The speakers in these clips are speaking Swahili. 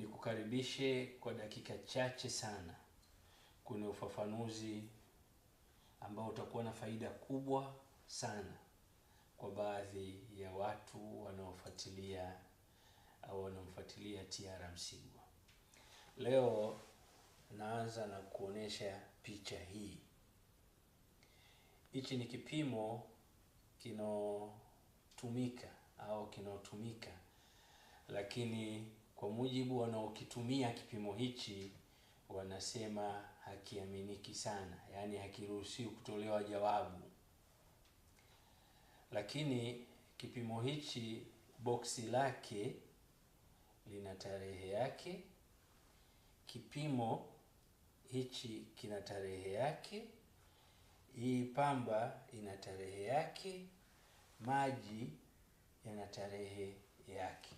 nikukaribishe kwa dakika chache sana kwenye ufafanuzi ambao utakuwa na faida kubwa sana kwa baadhi ya watu wanaofuatilia au wanaomfuatilia T.R. Msigwa. Leo naanza na kuonesha picha hii. Hichi ni kipimo kinaotumika au kinaotumika, lakini kwa mujibu wanaokitumia kipimo hichi, wanasema hakiaminiki sana, yaani hakiruhusiwi kutolewa jawabu. Lakini kipimo hichi boksi lake lina tarehe yake, kipimo hichi kina tarehe yake, hii pamba ina tarehe yake, maji yana tarehe yake.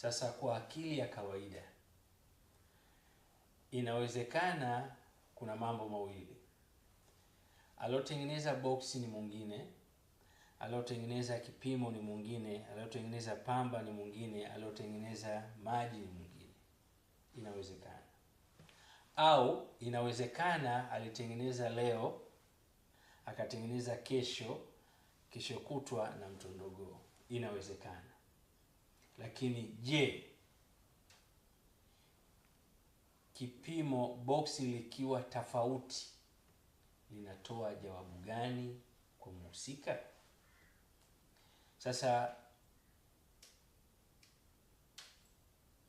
Sasa kwa akili ya kawaida inawezekana kuna mambo mawili. Aliotengeneza boksi ni mwingine, aliotengeneza kipimo ni mwingine, aliotengeneza pamba ni mwingine, aliotengeneza maji ni mwingine. Inawezekana. Au inawezekana alitengeneza leo, akatengeneza kesho, kesho kutwa na mtondogoo. Inawezekana lakini je, kipimo boksi likiwa tofauti linatoa jawabu gani kwa mhusika? Sasa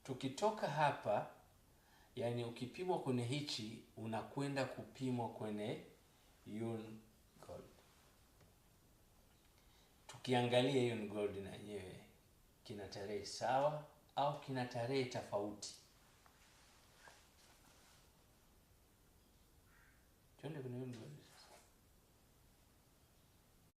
tukitoka hapa, yani ukipimwa kwenye hichi unakwenda kupimwa kwenye yun gold. Tukiangalia yun gold na yenyewe kina tarehe sawa au kina tarehe tofauti. tuende kwenye